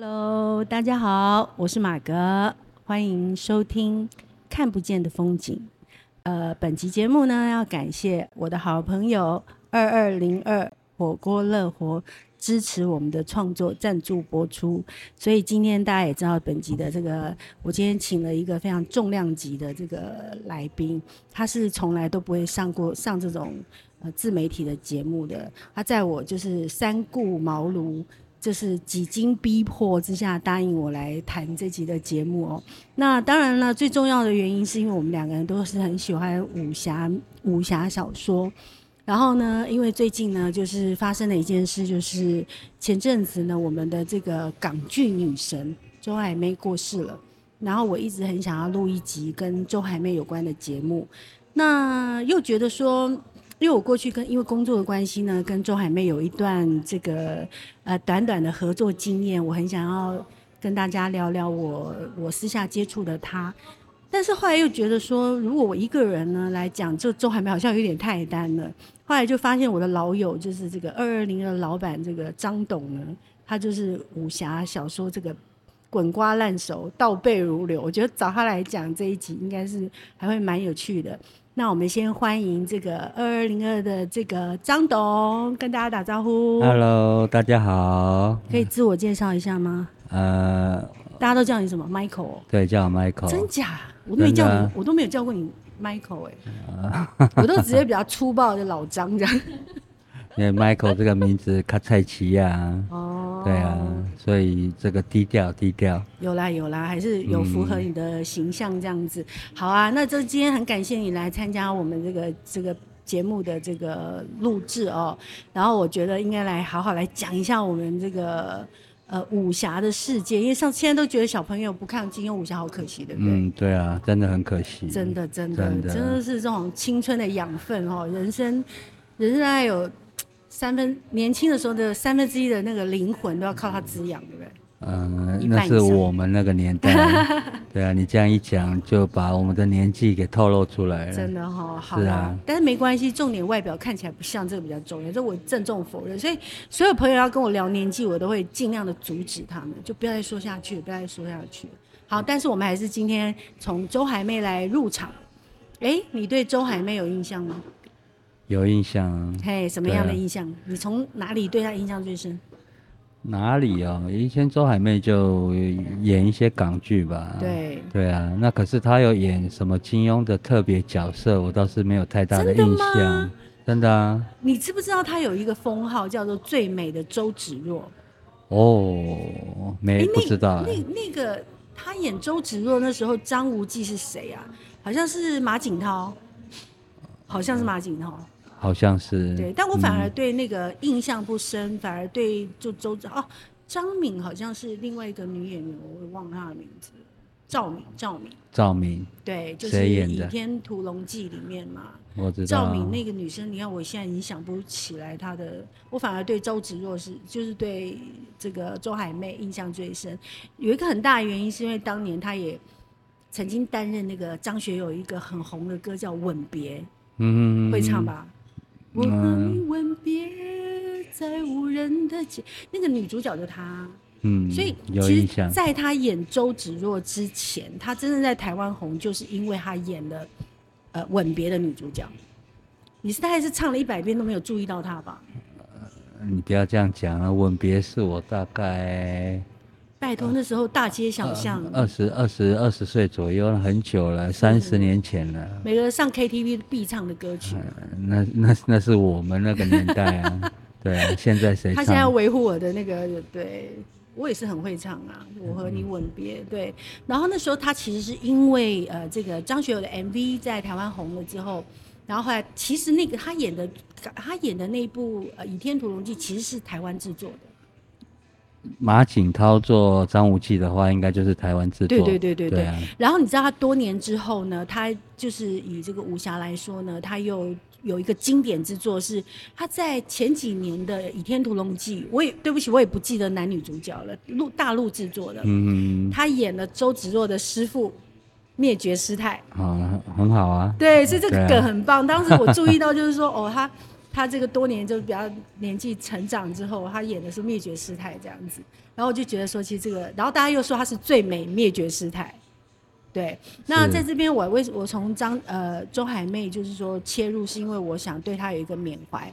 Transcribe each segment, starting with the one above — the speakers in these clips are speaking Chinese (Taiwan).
Hello，大家好，我是瑪格，歡迎收聽《看不見的風景》。呃，本集節目呢，要感謝我的好朋友二二零二火鍋樂活支持我們的創作贊助播出。所以今天大家也知道，本集的這個，我今天請了一個非常重量級的這個來賓，他是從來都不會上過上這種呃自媒體的節目的。他在我就是三顧茅廬。就是幾經逼迫之下答應我來談這集的節目哦。那當然了，最重要的原因是因為我們兩個人都是很喜歡武俠武俠小說。然後呢，因為最近呢，就是發生了一件事，就是前陣子呢，我們的這個港劇女神周海媚過世了。然後我一直很想要錄一集跟周海媚有關的節目，那又覺得說。因為我過去跟因為工作的關係呢，跟周海媚有一段這個呃短短的合作經驗，我很想要跟大家聊聊我我私下接觸的她，但是後來又覺得說，如果我一個人呢來講，就周海媚好像有點太單了，後來就發現我的老友就是這個二二零二的老闆這個張董呢，他就是武俠小說這個滾瓜爛熟，倒背如流，我覺得找他來講這一集應該是還會蠻有趣的。那我們先歡迎這個二二零二的這個張董跟大家打招呼。Hello，大家好。可以自我介紹一下嗎？呃，大家都叫你什麼？Michael。對，叫我 Michael。真假？我都沒叫你，的我都沒有叫過你 Michael 哎、欸。啊、我都是直接比較粗暴，的 老張這樣。因為 Michael 這個名字卡菜 奇呀。哦對啊，所以這個低調低調。有啦有啦，還是有符合你的形象這樣子。嗯、好啊，那就今天很感謝你來參加我們這個這個節目的這個錄製哦。然後我覺得應該來好好來講一下我們這個呃武俠的世界，因為上現在都覺得小朋友不看金庸武俠好可惜，對不對？的。嗯，對啊，真的很可惜。真的真的真的，真的是這種青春的養分哦、喔，人生人生還有。三分年輕的時候的三分之一的那個靈魂都要靠它滋養，對不對？嗯、呃，那是我們那個年代。 對啊，你這樣一講，就把我們的年紀給透露出來了。真的哈、哦，好啊，是啊，但是沒關係，重點外表看起來不像，這個比較重要。這我鄭重否認。所以所有朋友要跟我聊年紀，我都會盡量的阻止他們，就不要再說下去，不要再說下去。好，但是我們還是今天從周海媚來入場。哎、欸，你對周海媚有印象嗎？有印象，嘿，hey, 什麼樣的印象？啊、你從哪裡對他印象最深？哪裡哦、啊？以前周海媚就演一些港劇吧。對對啊，那可是她有演什麼金庸的特別角色，我倒是沒有太大的印象。真的嗎？真的啊。你知不知道她有一個封號叫做“最美的周芷若”？哦，沒、欸、不知道、欸那。那那個她演周芷若那時候，張無忌是誰啊？好像是馬景濤，好像是馬景濤。 好像是對，但我反而對那個印象不深，嗯、反而對就周芷哦，張、啊、敏好像是另外一個女演員，我會忘了她的名字，趙敏，趙敏，趙敏，對，演就是《倚天屠龍記》裡面嘛，我知道趙敏那個女生，你看我現在已經想不起來她的，我反而對周芷若是就是對這個周海媚印象最深，有一個很大的原因是因為當年她也曾經擔任那個張學友一個很紅的歌叫《吻別》，嗯，會唱吧？嗯、我和你吻別，在無人的街，那個女主角就她，嗯，所以有印象。其實在她演周芷若之前，她真正在台灣紅，就是因為她演了、呃、吻別的女主角。你是大概是唱了一百遍都沒有注意到她吧，呃？你不要這樣講了，《吻別》是我大概。拜託，那時候大街小巷，呃、二十二十二十歲左右了，很久了，三十年前了。每個人上 KTV 必唱的歌曲。呃、那那那是我們那個年代啊， 對啊，現在誰唱？他現在要維護我的那個，對，我也是很會唱啊。我和你吻別，嗯、對。然後那時候他其實是因為呃，這個張學友的 MV 在台灣紅了之後，然後後來其實那個他演的他演的那部呃《倚天屠龍記》其實是台灣制作的。馬景濤做張無忌的話，應該就是台灣制作。對對對對對。對啊、然後你知道他多年之後呢，他就是以這個武俠來說呢，他又有一個經典之作是他在前幾年的《倚天屠龍記》，我也對不起，我也不記得男女主角了，陸大陸制作的。嗯哼。他演了周芷若的師父滅絕師太。啊，很好啊。對，所以這個梗很棒。啊、當時我注意到就是說， 哦，他。他這個多年就比較年紀成長之後，他演的是滅絕師太這樣子，然後我就覺得說，其實這個，然後大家又說他是最美滅絕師太，對。那在這邊，是我為我從張呃周海媚就是說切入，是因為我想對他有一個緬懷，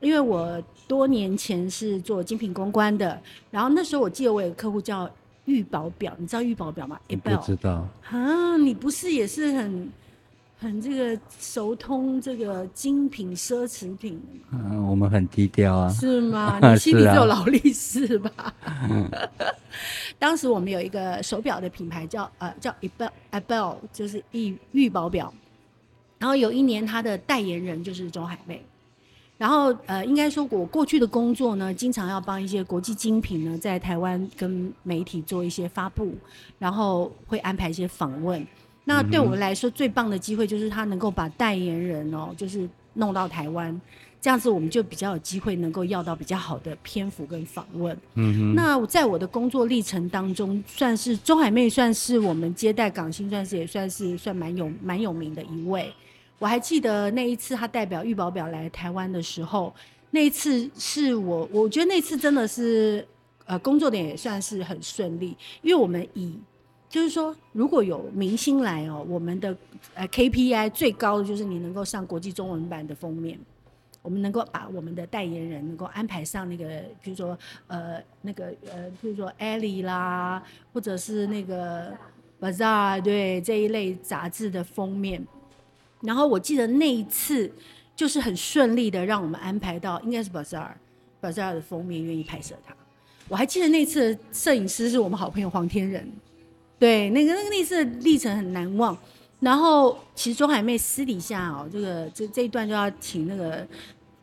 因為我多年前是做精品公關的，然後那時候我記得我有個客戶叫玉寶表，你知道玉寶表嗎？也不知道。啊，你不是也是很？很這個熟通這個精品奢侈品，嗯，我們很低調啊，是嗎？你心裡只有勞力士吧？ 啊、 當時我們有一個手表的品牌叫呃叫 Ebel Ebel 就是 E 玉寶表，然後有一年他的代言人就是周海媚，然後呃應該說我過去的工作呢，經常要幫一些國際精品呢在台灣跟媒體做一些發布，然後會安排一些訪問。那對我們來說最棒的機會就是他能夠把代言人哦，就是弄到台灣，這樣子我們就比較有機會能夠要到比較好的篇幅跟訪問。嗯哼，那我在我的工作歷程當中，算是周海媚，算是我們接待港星，算是也算是算蠻有蠻有名的一位。我還記得那一次她代表玉寶表來台灣的時候，那一次是我我覺得那次真的是呃工作的也算是很順利，因為我們以。就是說，如果有明星來哦，我們的呃 KPI 最高的就是你能夠上國際中文版的封面，我們能夠把我們的代言人能夠安排上那個，比如說呃那個呃，比如說 ELLE 啦，或者是那個 Bazaar 對這一類雜誌的封面。然後我記得那一次就是很順利的，讓我們安排到應該是 Bazaar Bazaar 的封面願意拍攝它。我還記得那次攝影師是我們好朋友黃天仁。對，那個那個歷史歷程很難忘。然後，其實周海媚私底下哦，這個這這一段就要請那個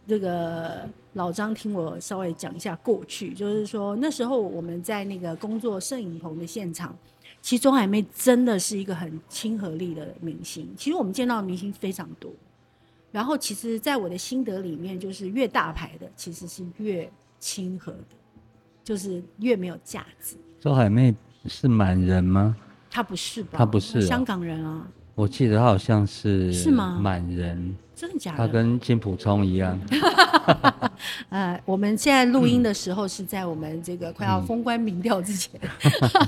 這個老張聽我稍微講一下過去。就是說那時候我們在那個工作攝影棚的現場，其實周海媚真的是一個很親和力的明星。其實我們見到的明星非常多，然後其實，在我的心得裡面，就是越大牌的其實是越親和的，就是越沒有架子。周海媚。是滿人嗎？他不是吧？他不是、喔、他香港人啊！我記得他好像是滿人，是嗎？滿人真的假的？他跟金溥聰一樣。 呃，我們現在錄音的時候是在我們這個快要封關民調之前，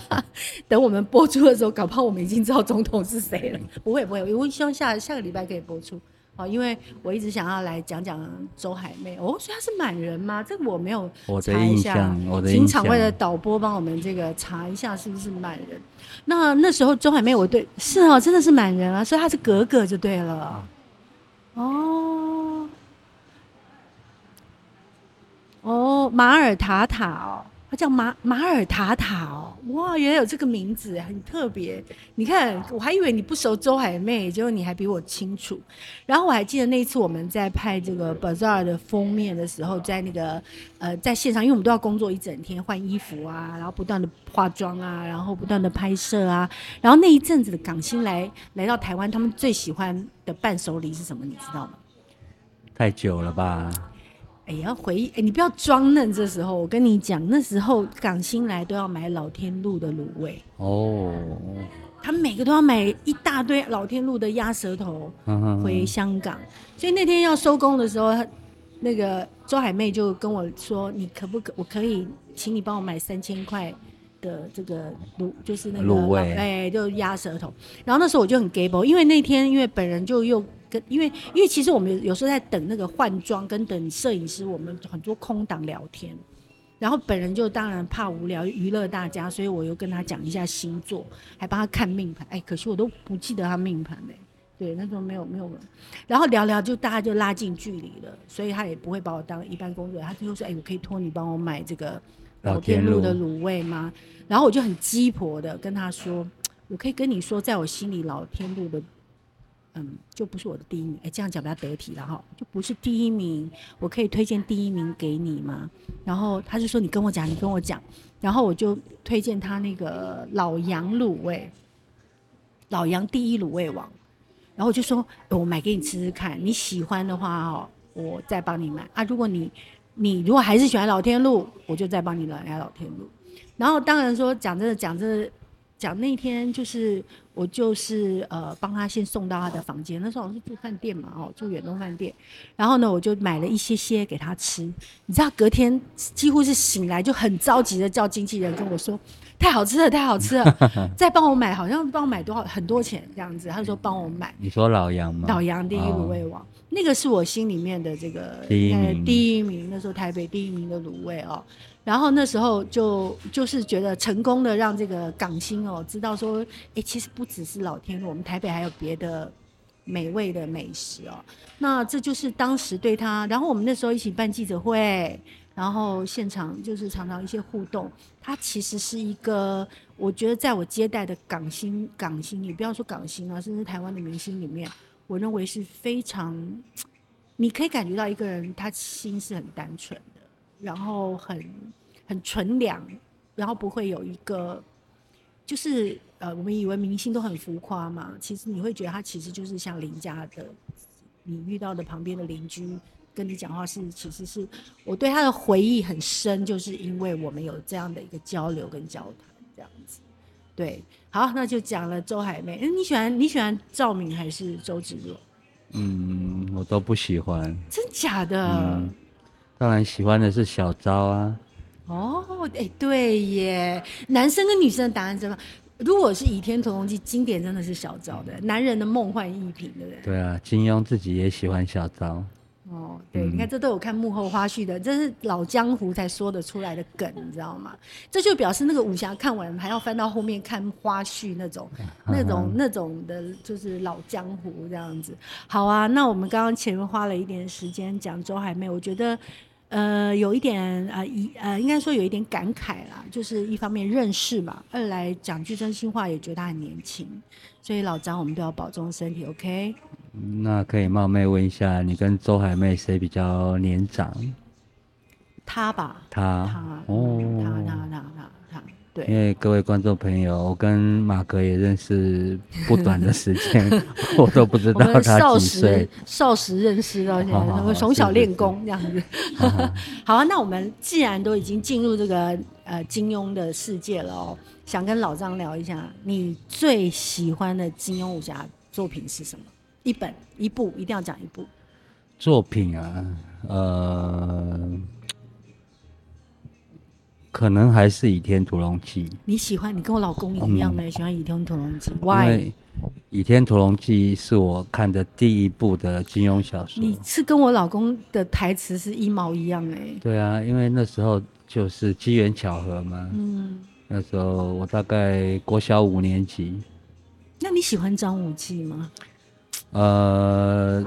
等我們播出的時候，搞不好我們已經知道總統是誰了。不會不會，因為我希望下下個禮拜可以播出。哦，因為我一直想要來講講周海媚。哦，所以她是滿人嗎？這個我沒有查一下。我的印象，請場外的導播幫我們這個查一下，是不是滿人？那那時候周海媚，我對是哦，真的是滿人啊，所以她是格格就對了。哦，哦，馬爾塔塔哦。他叫馬馬爾塔塔哦、喔，哇，原來有這個名字，很特別。你看，我還以為你不熟周海媚，結果你還比我清楚。然後我還記得那一次我們在拍這個《Bazaar》的封面的時候，在那個呃，在線上，因為我們都要工作一整天，換衣服啊，然後不斷的化妝啊，然後不斷的拍攝啊。然後那一陣子的港星來來到台灣，他們最喜歡的伴手禮是什麼？你知道嗎？太久了吧。哎呀，要回憶哎，你不要裝嫩。這時候我跟你講，那時候港星來都要買老天祿的滷味哦，oh. 他們每個都要買一大堆老天祿的鴨舌頭回香港。嗯嗯嗯，所以那天要收工的時候，那個周海媚就跟我說：“你可不可？我可以請你幫我買三千塊的這個滷，就是那個滷味，哎，就鴨舌頭。”然後那時候我就很 gable，因為那天因為本人就又。跟因為因為其實我們有時候在等那個換裝跟等攝影師，我們很多空檔聊天，然後本人就當然怕無聊娛樂大家，所以我又跟他講一下星座，還幫他看命盤。哎、欸，可惜我都不記得他命盤哎。對，他說沒有沒有了，然後聊聊就大家就拉近距離了，所以他也不會把我當一般工作人員，他最後說哎、欸，我可以托你幫我買這個老天祿的滷味嗎？然後我就很雞婆的跟他說，我可以跟你說，在我心裡老天祿的。嗯，就不是我的第一名。哎、欸，這樣講比較得體了哈。就不是第一名，我可以推薦第一名給你嗎？然後他就說你：“你跟我講，你跟我講。”然後我就推薦他那個老楊滷味，老楊第一滷味王。然後我就說、呃：“我買給你吃吃看，你喜歡的話哈，我再幫你買。啊，如果你你如果還是喜歡老天路，我就再幫你買老天路。”然後當然說、這個，講的、這個，講的，講那天就是。我就是呃幫他先送到他的房間，那時候我是住飯店嘛，哦住遠東飯店，然後呢我就買了一些些給他吃，你知道隔天幾乎是醒來就很着急的叫經紀人跟我說太好吃了，太好吃了， 再幫我買，好像幫我買多少很多錢這樣子。他就說幫我買，你說老楊嗎？老楊第一滷味王。哦那個是我心裡面的這個第一名，第一名那時候台北第一名的滷味哦，然後那時候就就是覺得成功的讓這個港星哦，知道說，哎，其實不只是老天祿，我們台北還有別的美味的美食哦。那這就是當時對他，然後我們那時候一起辦記者會，然後現場就是常常一些互動。他其實是一個，我覺得在我接待的港星，港星你不要說港星啊，甚至台灣的明星裡面。我認為是非常，你可以感覺到一個人，他心是很單純的，然後很很純良，然後不會有一個，就是呃，我們以為明星都很浮誇嘛，其實你會覺得他其實就是像鄰家的，你遇到的旁邊的鄰居跟你講話是，其實是我對他的回憶很深，就是因為我們有這樣的一個交流跟交談這樣子，對。好，那就講了周海媚、嗯。你喜歡你喜歡趙敏還是周芷若？嗯，我都不喜歡。真假的、嗯？當然喜歡的是小昭啊。哦，哎、欸，對耶，男生跟女生的答案真棒。如果是倚天屠龍記經典，真的是小昭的，男人的夢幻逸品，的人對不對？對啊，金庸自己也喜歡小昭。哦，對，你看、嗯、這都有看幕後花絮的，這是老江湖才說得出來的梗，你知道嗎？這就表示那個武俠看完還要翻到後面看花絮那種，嗯嗯那種那種的，就是老江湖這樣子。好啊，那我們剛剛前面花了一點時間講周海媚，我覺得，呃，有一點啊一呃，呃，應該說有一點感慨啦，就是一方面認識嘛，二來講句真心話，也覺得他很年輕，所以老張我們都要保重身體，OK。那可以冒昧問一下，你跟周海媚誰比較年長？他吧，他她。他她哦，他。他。他他對。因為各位觀眾朋友，我跟瑪格也認識不短的時間， 我都不知道他幾歲。少時，時認識到現在，從小練功這樣子。 啊哈好啊，那我們既然都已經進入這個呃金庸的世界了哦、喔，想跟老張聊一下，你最喜歡的金庸武俠作品是什麼？一本一部一定要講一部作品啊，呃，可能還是《倚天屠龍記》。你喜歡？你跟我老公一樣呢，嗯、喜歡倚《倚天屠龍記》。why 因為，《倚天屠龍記》是我看的第一部的金庸小說。你是跟我老公的台詞是一模一樣哎、欸？對啊，因為那時候就是機緣巧合嘛。嗯。那時候我大概國小五年級。那你喜歡張無忌嗎？呃，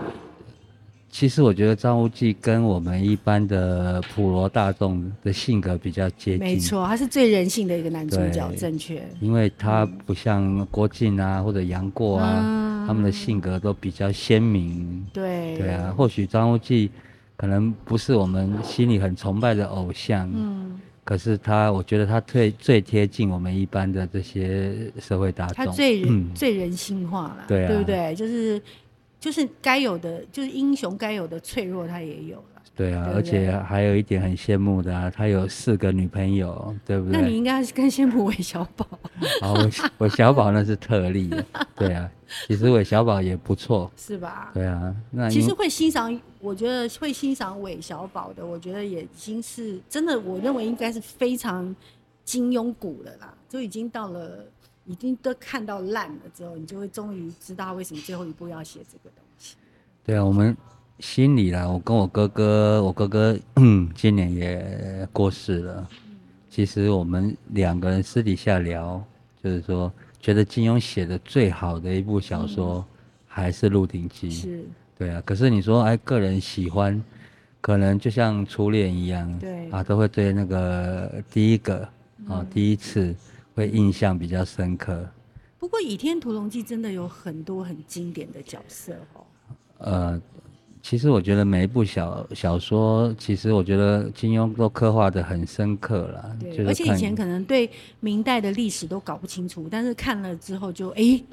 其實我覺得張無忌跟我們一般的普羅大眾的性格比較接近。沒錯，他是最人性的一個男主角，對正確。因為他不像郭靖啊，嗯、或者楊過啊，嗯、他們的性格都比較鮮明。嗯、對、啊。對啊，或許張無忌可能不是我們心裡很崇拜的偶像。嗯。可是他，我覺得他最最貼近我們一般的這些社會大眾，他最人、嗯、最人性化了，對啊，對不對？就是就是該有的，就是英雄該有的脆弱，他也有。對啊，對對，而且還有一點很羨慕的啊，他有四個女朋友，對不對？那你應該是更羨慕韋小寶。好我，韋小寶那是特例的， 對啊，其實韋小寶也不錯，是吧？對啊，那其實會欣賞，我覺得會欣賞韋小寶的，我覺得也已經是真的，我認為應該是非常金庸骨的啦，就已經到了，已經都看到爛了之後，你就會終於知道為什麼最後一部要寫這個東西。對啊，對吧我們。心裡啦，我跟我哥哥，我哥哥，嗯，今年也過世了。其實我們兩個人私底下聊，就是說，覺得金庸寫的最好的一部小說還是《鹿鼎記》。是。對啊，可是你說，哎、啊，個人喜歡，可能就像初戀一樣，對，啊，都會對那個第一個、嗯、啊，第一次會印象比較深刻。不過，《倚天屠龍記》真的有很多很經典的角色哦、喔。呃。其實我覺得每一部小小說，其實我覺得金庸都刻畫得很深刻了。對而且以前可能對明代的歷史都搞不清楚，但是看了之後就誒、欸、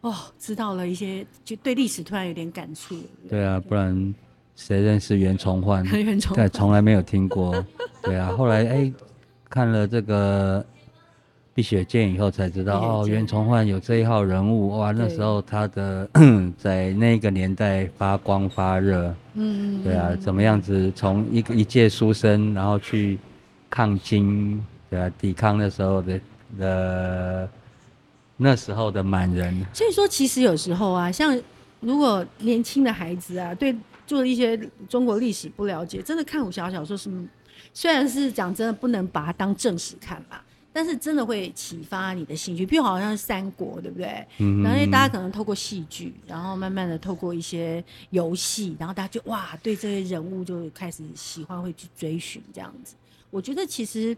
哦，知道了一些，就對歷史突然有點感觸。對啊，就不然誰認識袁崇煥？袁崇煥對，從來沒有聽過。對啊，後來誒、欸、 看了這個。碧血劍以後才知道哦，袁崇煥有這一號人物哇！那時候他的對 在那個年代發光發熱，嗯，嗯，嗯，嗯，對啊，怎麼樣子從一個一介書生，然後去抗金，對啊，抵抗那時候的呃那時候的滿人。所以說，其實有時候啊，像如果年輕的孩子啊，對做一些中國歷史不了解，真的看武俠小，小說，是，雖然是講真的，不能把它當正史看吧。但是真的會啟發你的興趣，譬如好像是三國，對不對？嗯哼，然後因為大家可能透過戲劇，然後慢慢的透過一些遊戲，然後大家就哇，對這些人物就開始喜歡，會去追尋這樣子。我覺得其實，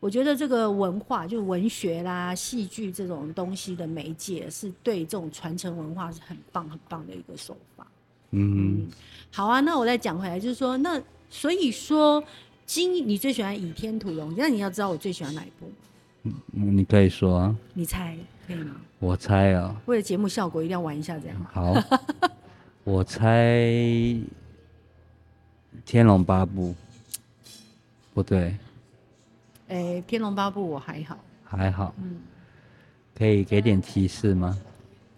我覺得這個文化，就文學啦、戲劇這種東西的媒介，是對這種傳承文化是很棒很棒的一個手法。嗯、哼嗯，好啊，那我再講回來，就是說，那所以說，今你最喜歡倚天屠龍，那你要知道我最喜歡哪一部。嗯、你可以說、啊、你猜可以嗎？我猜啊、哦，為了節目效果，一定要玩一下這樣。好，好 我猜《天龍八部》不對。哎，欸《天龍八部》我還好，還好。嗯、可以給點提示嗎、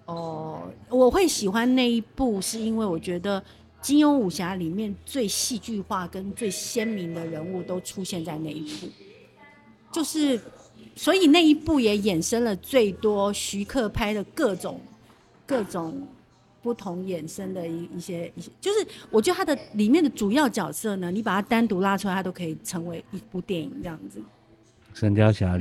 嗯？哦，我會喜歡那一部，是因為我覺得金庸武俠裡面最戲劇化跟最鮮明的人物都出現在那一部，就是。所以那一部也衍生了最多徐克拍的各種各種不同衍生的一些一些，就是我覺得它的裡面的主要角色呢，你把它單獨拉出來，它都可以成為一部電影這樣子，《神雕俠侶》。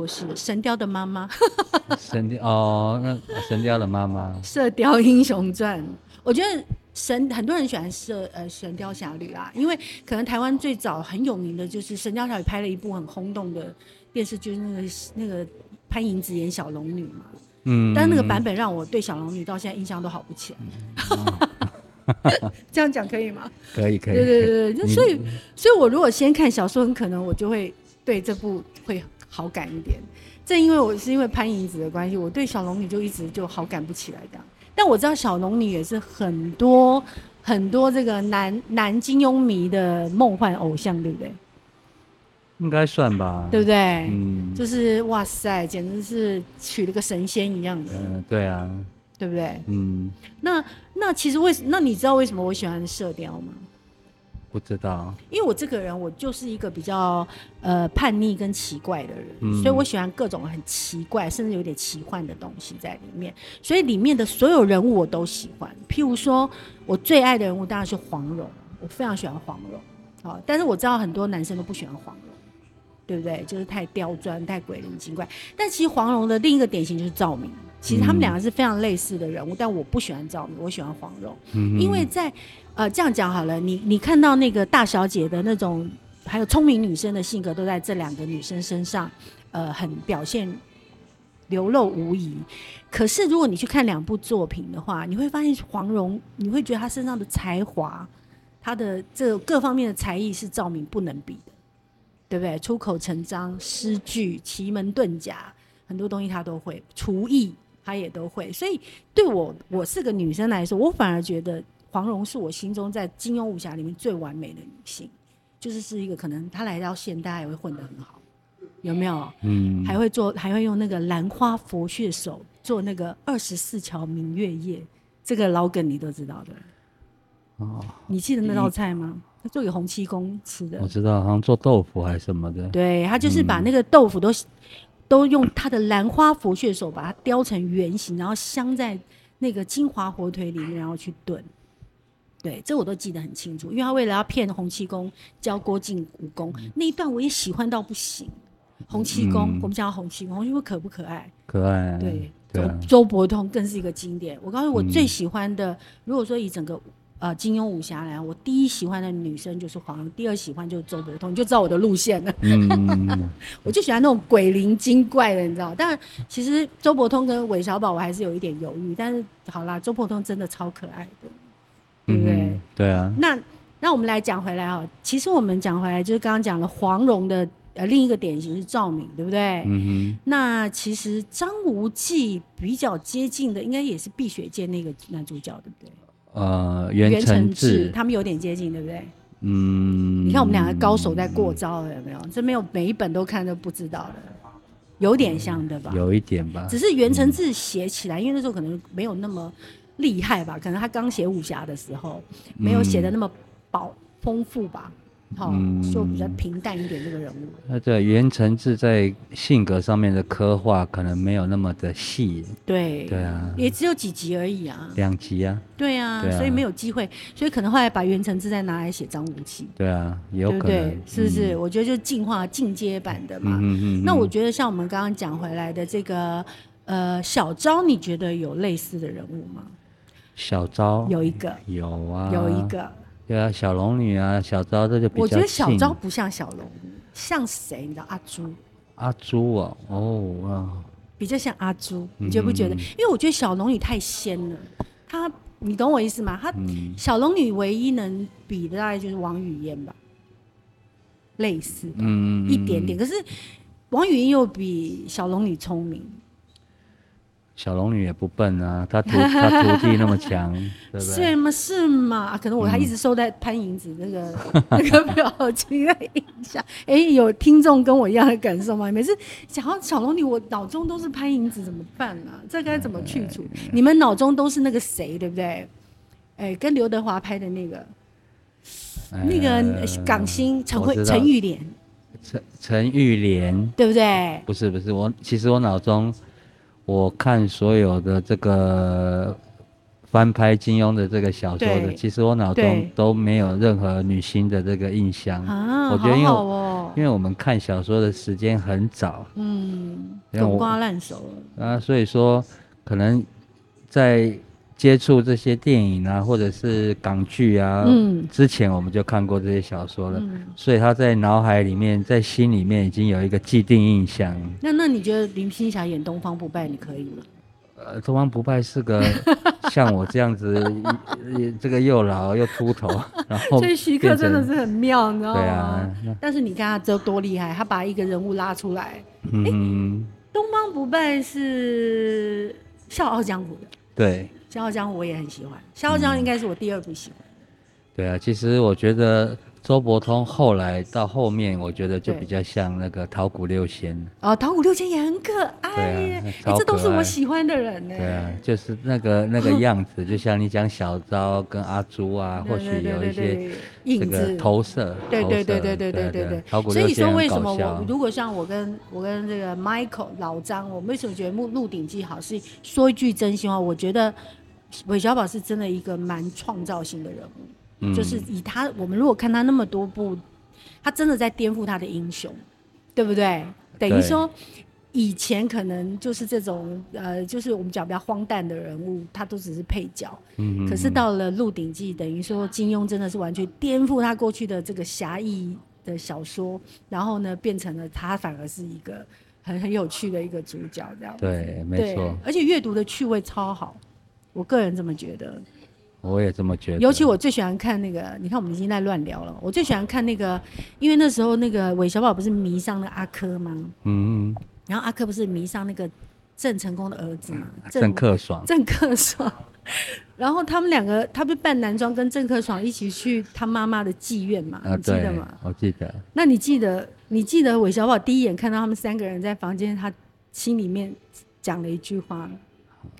我是神媽媽 神、哦《神鵰的媽媽》，神鵰哦，那《神鵰的媽媽》、《射鵰英雄傳》，我覺得神很多人喜歡射呃《神鵰俠侶》啊，因為可能台灣最早很有名的就是《神鵰俠侶》，拍了一部很轟動的電視劇，那個那個潘迎紫演小龍女嘛，嗯，但那個版本讓我對小龍女到現在印象都好不起、嗯哦、 這樣講可以嗎？可以，可以，對對對，就以所以你所以我如果先看小說，很可能我就會對這部會。好感一點，正因為我是因為潘迎紫的關係，我對小龍女就一直就好感不起來，這樣。但我知道小龍女也是很多很多這個男男金庸迷的夢幻偶像，對不對？應該算吧，對不對？嗯，就是哇塞，簡直是娶了個神仙一樣的。嗯、呃，對啊，對不對？嗯，那那其實為什那你知道為什麼我喜歡射雕嗎？不知道，因為我這個人我就是一個比較呃叛逆，跟奇怪的人，嗯、所以我喜歡各種很奇怪，甚至有點奇幻的東西在裡面。所以裡面的所有人物我都喜歡，譬如說我最愛的人物當然是黃蓉，我非常喜歡黃蓉。好、哦，但是我知道很多男生都不喜歡黃蓉，對不對？就是太刁鑽，太鬼靈精怪。但其實黃蓉的另一個典型就是趙敏。其實他們兩個是非常類似的人物，嗯、但我不喜歡趙敏，我喜歡黃蓉，嗯、哼因為在。呃，這樣講好了，你你看到那個大小姐的那種，還有聰明女生的性格，都在這兩個女生身上，呃，很表現流露無遺。可是如果你去看兩部作品的話，你會發現黃蓉，你會覺得她身上的才華，她的這各方面的才藝是趙敏不能比的，對不對？出口成章，詩句，奇門遁甲，很多東西她都會，廚藝她也都會。所以對我我是個女生來說，我反而覺得。黃蓉是我心中在金庸武俠裡面最完美的女性，就是是一個可能她來到現代還會混得很好，有沒有？嗯，還會做，還會用那個蘭花拂穴手做那個二十四橋明月夜，這個老梗你都知道的。哦，你記得那道菜嗎？她、欸、做給洪七公吃的。我知道，好像做豆腐還是什麼的。對，她就是把那個豆腐都都用她的蘭花拂穴手把它雕成圓形，然後鑲在那個金華火腿裡面，然後去燉。對，這我都記得很清楚，因為他為了要騙洪七公教郭靖武功那一段，我也喜歡到不行。洪七公，嗯、我們叫洪七公，洪七公可不可愛？可愛。對，對周伯通更是一個經典。我告訴我最喜歡的，嗯、如果說以整個呃金庸武俠來我第一喜歡的女生就是黃，第二喜歡就是周伯通，你就知道我的路線了。嗯、 我就喜歡那種鬼靈精怪的，你知道？當然，其實周伯通跟韋小寶我還是有一點猶豫，但是好啦，周伯通真的超可愛的。對不對？對啊。那那我們來講回來啊、喔，其實我們講回來就是剛剛講了黃蓉的呃另一個典型是趙敏，對不對？嗯哼。那其實張無忌比較接近的，應該也是碧血劍那個男主角，對不對？呃，袁承志，成志他們有點接近，對不對？嗯。你看我們兩個高手在過招了，有沒有？嗯、這沒有每一本都看都不知道的，有點像對吧、嗯？有一點吧。只是袁承志寫起來，嗯、因為那時候可能沒有那麼。厲害吧？可能他剛寫武俠的時候，沒有寫的那麼飽豐富吧，哈，所以比較平淡一點，這個人物，那對袁承志在性格上面的刻畫可能沒有那麼的細。對對啊，也只有幾集而已啊。兩集啊。對啊，所以沒有機會，所以可能後來把袁承志再拿來寫張無忌。對啊，也有可能，是不是？我覺得就進化進階版的嘛。嗯嗯。那我覺得像我們剛剛講回來的這個，呃，小昭，你覺得有類似的人物嗎？小昭有一個，有啊，有一個，對啊，小龍女啊，小昭這就比較。我覺得小昭不像小龍女，像誰？你知道阿朱，阿朱啊、哦，哦啊，比較像阿朱，你覺不覺得？嗯、因為我覺得小龍女太仙了，她，你懂我意思嗎？她、嗯、小龍女唯一能比的大概就是王語嫣吧，類似，嗯、嗯，一點點。可是王語嫣又比小龍女聰明。小龍女也不笨啊，她徒她徒弟那麼強，對不對？是嗎？是嗎？可能我還一直收在潘迎紫那個那個表情的影響，哎，有聽眾跟我一樣的感受嗎？每次講到小龍女，我腦中都是潘迎紫怎麼辦呢？這該怎麼去除？你們腦中都是那個誰，對不對？哎，跟劉德華拍的那個那個港星陳慧陳玉蓮，陳陳玉蓮對不對？不是不是，我其實我腦中。我看所有的這個翻拍金庸的這個小說的，對其實我腦中都沒有任何女星的這個印象。我覺得啊，好好哦，因為我們看小說的時間很早，嗯，滾瓜爛熟了啊，所以說可能在。接觸這些電影啊，或者是港劇啊，嗯、之前我們就看過這些小說了，嗯、所以他在腦海裡面，在心裡面已經有一個既定印象。那那你覺得林青霞演東方不敗，你可以嗎？呃，東方不敗是個像我這樣子， 這個又老又禿頭， 然後所以徐克真的是很妙，你知道嗎？對啊。但是你看他這多厲害，他把一個人物拉出來。哎、嗯欸，東方不敗是《笑傲江湖》的。對。笑傲江湖我也很喜歡，笑傲江湖應該是我第二部喜歡、嗯、對啊，其實我覺得周伯通後來到後面，我覺得就比較像那個《桃谷六仙》。哦，《桃谷六仙》也很可愛，啊可愛欸，這都是我喜歡的人呢。對、啊，就是那個那個樣子， 就像你講小昭跟阿朱啊，對對對對對，或許有一些影子投，投射。對對對對對對對對，桃谷六仙很搞笑。所以說為什麼我如果像我跟我跟這個 Michael 老張，我為什麼覺得《鹿鹿鼎記》好？是說一句真心話，我覺得。韋小寶是真的一個蠻創造性的人物，嗯、就是以他，我們如果看他那麼多部，他真的在顛覆他的英雄，對不對？等於說對，以前可能就是這種呃，就是我們講比較荒誕的人物，他都只是配角。嗯、可是到了《鹿鼎記》，等於說金庸真的是完全顛覆他過去的這個俠義的小說，然後呢，變成了他反而是一個很很有趣的一個主角，這樣。對，沒錯。而且閱讀的趣味超好。我個人這麼覺得，我也這麼覺得。尤其我最喜歡看那個，你看我們已經在亂聊了。我最喜歡看那個，因為那時候那個韋小寶不是迷上了阿珂嗎？嗯。然後阿珂不是迷上那個鄭成功的兒子嗎？鄭、嗯、正克爽。鄭克爽。 然後他們兩個，他不是扮男裝跟鄭克爽一起去他媽媽的妓院嘛？啊，對。你記得嗎？我記得。那你記得，你記得韋小寶第一眼看到他們三個人在房間，他心裡面講了一句話。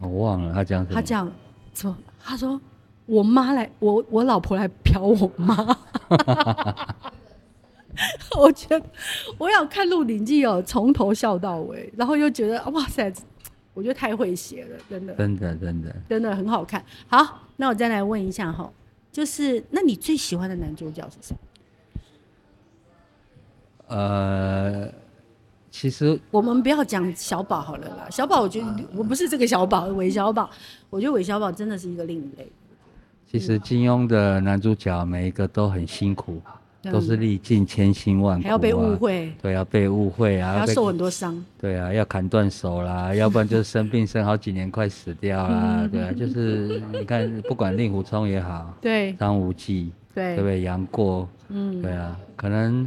哦、我忘了他講他講，怎麼？他說，我媽來，我我老婆來嫖我媽。 我覺得我有看《鹿鼎記》哦，從頭笑到尾，然後又覺得哇塞，我覺得太會寫了，真的，真的，真的，真的，真的很好看。好，那我再來問一下哈、哦，就是那你最喜歡的男主角是誰？呃。其實我們不要講小寶好了啦，小寶我覺得我不是這個小寶，韋小寶，我覺得韋小寶真的是一個另類。其實金庸的男主角每一個都很辛苦，都是歷盡千辛萬苦，還要被誤會，對，要被誤會啊，要受很多傷，對啊，要砍斷手啦，要不然就是生病生好幾年快死掉啦，對啊，就是你看不管令狐沖也好，對，張無忌，對，對不對？楊過，嗯，對啊，可能。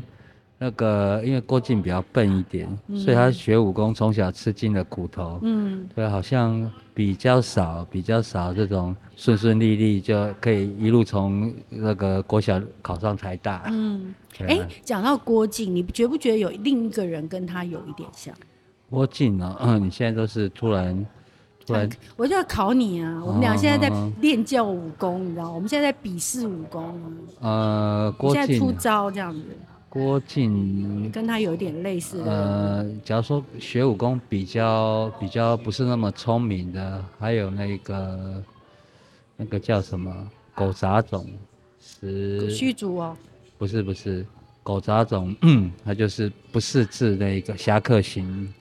那個，因為郭靖比較笨一點，嗯、所以他學武功從小吃盡了苦頭。嗯，對，好像比較少，比較少這種順順利利就可以一路從那個國小考上台大。嗯，哎、啊，講、欸、到郭靖，你覺不覺得有另一個人跟他有一點像？郭靖啊、嗯，你現在都是突然，突然啊、我就要考你啊！哦、我們倆現在在練教武功，哦、你知道嗎？我們現在在比試武功，呃，郭靖現在出招這樣子。郭靖跟他有一點類似。呃，假如說學武功比較比較不是那麼聰明的，還有那個那個叫什麼狗雜種，是虛竹哦。不是不是，狗雜種，嗯，他就是不識字那一個俠客行。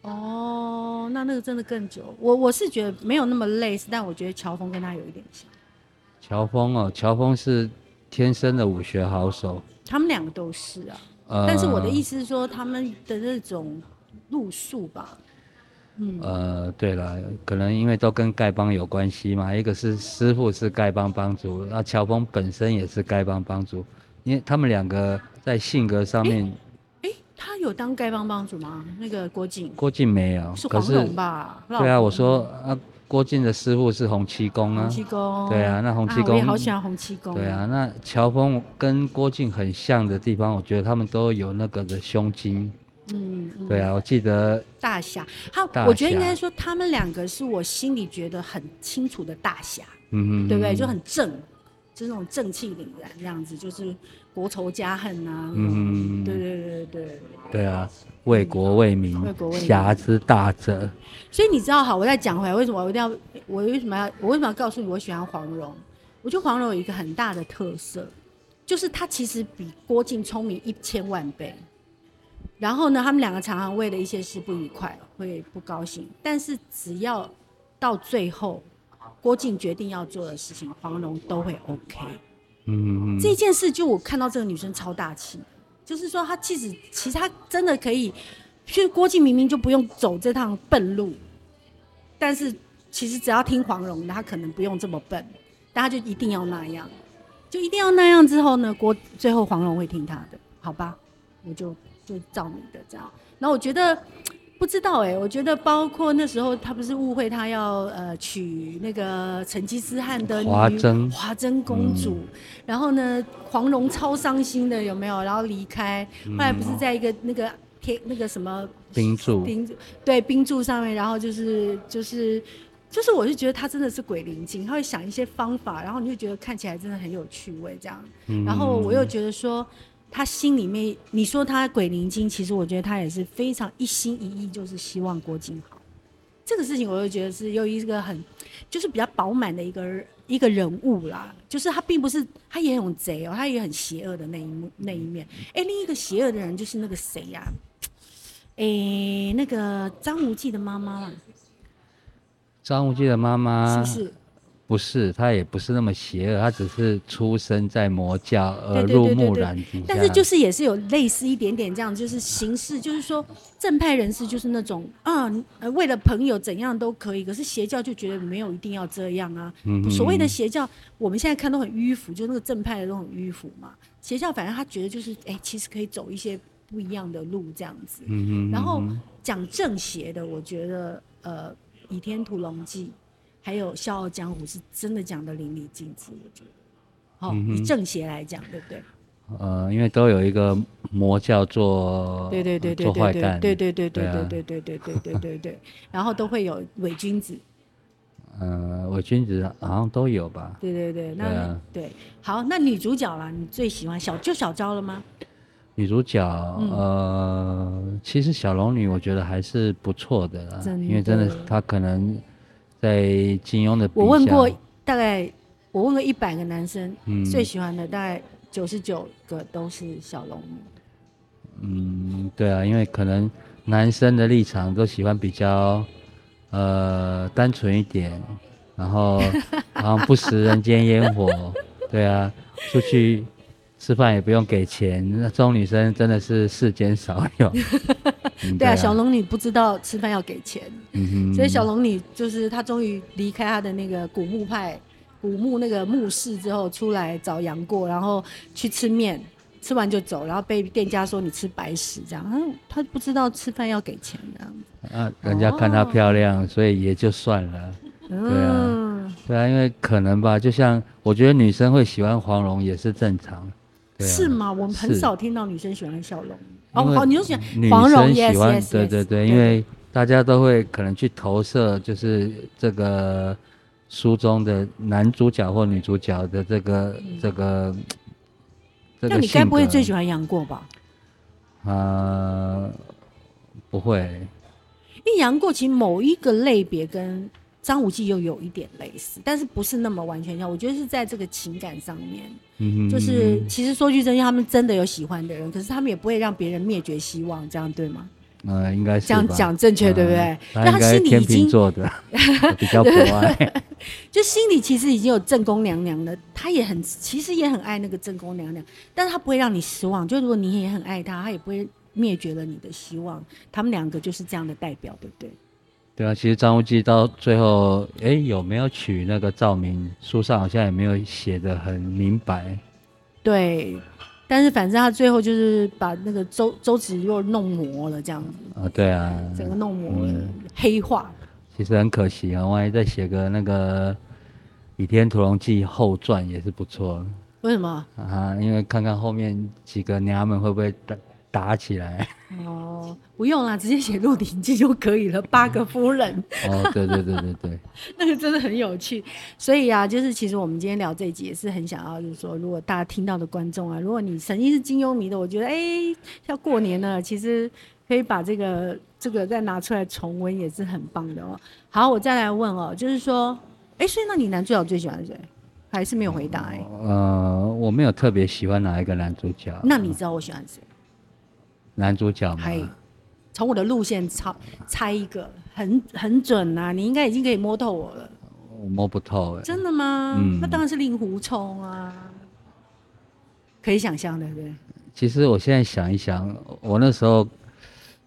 哦，那那個真的更久。我我是覺得沒有那麼類似，但我覺得喬峰跟他有一點像。喬峰哦，喬峰是天生的武學好手。他們兩個都是啊，呃、但是我的意思是說他們的那種路數吧，嗯，呃，對了，可能因為都跟丐幫有關係嘛，一個是師傅是丐幫幫主，那、啊、喬峰本身也是丐幫幫主，因為他們兩個在性格上面，誒誒他有當丐幫幫主嗎？那個郭靖，郭靖沒有，是黃蓉吧？是對啊，我說、啊郭靖的師父是洪七公啊，洪七公，對啊，那洪七公，啊、我也好喜歡洪七公，對啊，那喬峰跟郭靖很像的地方，我覺得他們都有那個的胸襟，嗯，嗯對啊，我記得大俠，他，大俠，我覺得應該說他們兩個是我心裡覺得很清楚的大俠，嗯對不對？就很正，就那種正氣凜然這樣子，就是國仇家恨啊，嗯嗯，對對對對對，對，對，對，對啊。為國為民，嗯、為國為民俠之大者。所以你知道，好，我再講回來，為什麼我一定要，我為什麼要，我為什麼要告訴你，我喜歡黃蓉？我覺得黃蓉有一個很大的特色，就是她其實比郭靖聰明一千萬倍。然後呢，他們兩個常常為了一些事不愉快，會不高興。但是只要到最後，郭靖決定要做的事情，黃蓉都會 OK。嗯，嗯這件事，就我看到這個女生超大氣。就是說，他其實其實他真的可以，其實郭靖明明就不用走這趟笨路，但是其實只要聽黃蓉的，他可能不用這麼笨，但他就一定要那樣，就一定要那樣。之後呢，郭最後黃蓉會聽他的，好吧？我就就照你的這樣。那我覺得。不知道哎、欸，我覺得包括那時候他不是誤會他要呃娶那個成吉思汗的女華箏華箏公主，嗯、然後呢，黃蓉超傷心的有沒有？然後離開，嗯、後來不是在一個那個天那個什麼冰柱冰柱，對，冰柱上面，然後就是就是就是，就是、我就覺得他真的是鬼靈精，他會想一些方法，然後你就覺得看起來真的很有趣味這樣。然後我又覺得說。嗯嗯他心裡面，你說他鬼靈精，其實我覺得他也是非常一心一意，就是希望郭靖好。這個事情，我就覺得是有一個很，就是比較飽滿的一個一個人物啦。就是他並不是，他也很賊哦，他也很邪惡的那一幕那一面。哎，另一個邪惡的人就是那個誰呀？哎，那個張無忌的媽媽啦。張無忌的媽媽。是不是？不是，他也不是那麼邪惡，他只是出生在魔教耳濡目染底下。但是就是也是有類似一點點這樣，就是形式，就是說正派人士就是那種啊，為了朋友怎樣都可以，可是邪教就覺得沒有一定要這樣啊。嗯、哼所謂的邪教，我們現在看都很迂腐，就那個正派的都很迂腐嘛。邪教反正他覺得就是，哎、欸，其實可以走一些不一樣的路這樣子。嗯哼嗯哼。然後講正邪的，我覺得呃，《倚天屠龍記》。還有《笑傲江湖》是真的講得淋漓盡致，我覺得好，以正邪來講，對不對？呃，因為都有一個魔教做，對對對對對對對對對對對對對對對對對，然後都會有偽君子。呃，偽君子好像都有吧？對對對，那對好，那女主角啦，你最喜歡小就小昭了嗎？女主角，呃，其實小龍女我覺得還是不錯的啦，真的。因為真的她可能。在金庸的我問過大概，我問過一百個男生，嗯，最喜歡的大概九十九個都是小龍女。嗯，對啊，因為可能男生的立場都喜歡比較，呃，單純一點，然後然後不食人間煙火，對啊，出去。吃飯也不用給錢，那這種女生真的是世間少有、 嗯。對啊， 對啊小龍女不知道吃飯要給錢，嗯、哼所以小龍女就是她終於離開她的那個古墓派，古墓那個墓室之後，出來找楊過，然後去吃麵，吃完就走，然後被店家說你吃白食這樣，她、嗯、她不知道吃飯要給錢這、啊、樣。啊，人家看她漂亮，哦、所以也就算了。對啊，對啊，因為可能吧，就像我覺得女生會喜歡黃蓉也是正常。啊、是嗎？我們很少聽到女生喜歡小龍女哦，好、哦，你又喜歡黃蓉，yes，對對對，對因為大家都會可能去投射，就是這個書中的男主角或女主角的這個、嗯、這個。那、嗯這個、你該不會最喜歡楊過吧？啊、呃，不會。因為楊過其實某一個類別跟。張無忌又有一點類似，但是不是那麼完全一樣。我覺得是在這個情感上面，嗯、哼 就是其實說句真心，他們真的有喜歡的人，可是他們也不會讓別人滅絕希望，這樣對嗎？呃，應該是這樣講正確，呃、對不對？他，品但他心裡已經品做的比較博愛 對對對，就心裡其實已經有正宮娘娘了，他也很其實也很愛那個正宮娘娘，但是他不會讓你失望。就如果你也很愛他，他也不會滅絕了你的希望。他們兩個就是這樣的代表，對不對？對啊，其實張無忌到最後，哎，有沒有娶那個趙敏？書上好像也沒有寫的很明白。對，但是反正他最後就是把那個周周芷若弄魔了，這樣子。啊，對啊。嗯，整個弄魔黑化，嗯。其實很可惜啊，萬一再寫個那個《倚天屠龍記》後傳也是不錯。為什麼？啊，因為看看後面幾個娘們會不會打起來哦，不用啦，直接寫《鹿鼎記》就可以了。八個夫人 哦，對對對對對， 那個真的很有趣。所以啊，就是其實我們今天聊這一集也是很想要，就是說，如果大家聽到的觀眾啊，如果你曾經是金庸迷的，我覺得哎，要過年了，其實可以把這個這個再拿出來重溫，也是很棒的哦。好，我再來問哦，就是說，哎，所以那你男主角最喜歡誰？還是沒有回答，欸嗯？呃，我沒有特別喜歡哪一個男主角。那你知道我喜歡誰？嗯男主角嗎？從、hey, 我的路線猜猜一個，很很準吶、啊！你應該已經可以摸透我了。我摸不透、欸。真的嗎？嗯、那當然是令狐沖啊，可以想象的，對不對？其實我現在想一想，我那時候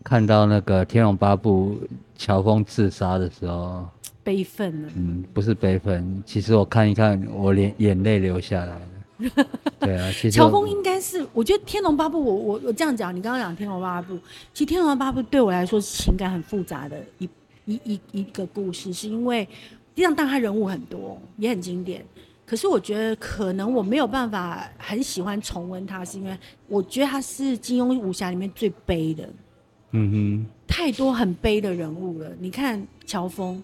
看到那個《天龍八部》，喬峰自殺的時候，悲憤。嗯，不是悲憤，其實我看一看，我連眼淚流下來了。 對啊，其實喬峰應該是，我覺得《天龍八部》，我我我這樣講，你剛剛講《天龍八部》，其實《天龍八部》對我來說是情感很複雜的一一一,一個故事，是因為，一樣，但他人物很多，也很經典。可是我覺得可能我沒有辦法很喜歡重溫他，是因為我覺得他是金庸武俠裡面最悲的。嗯哼，太多很悲的人物了。你看喬峰，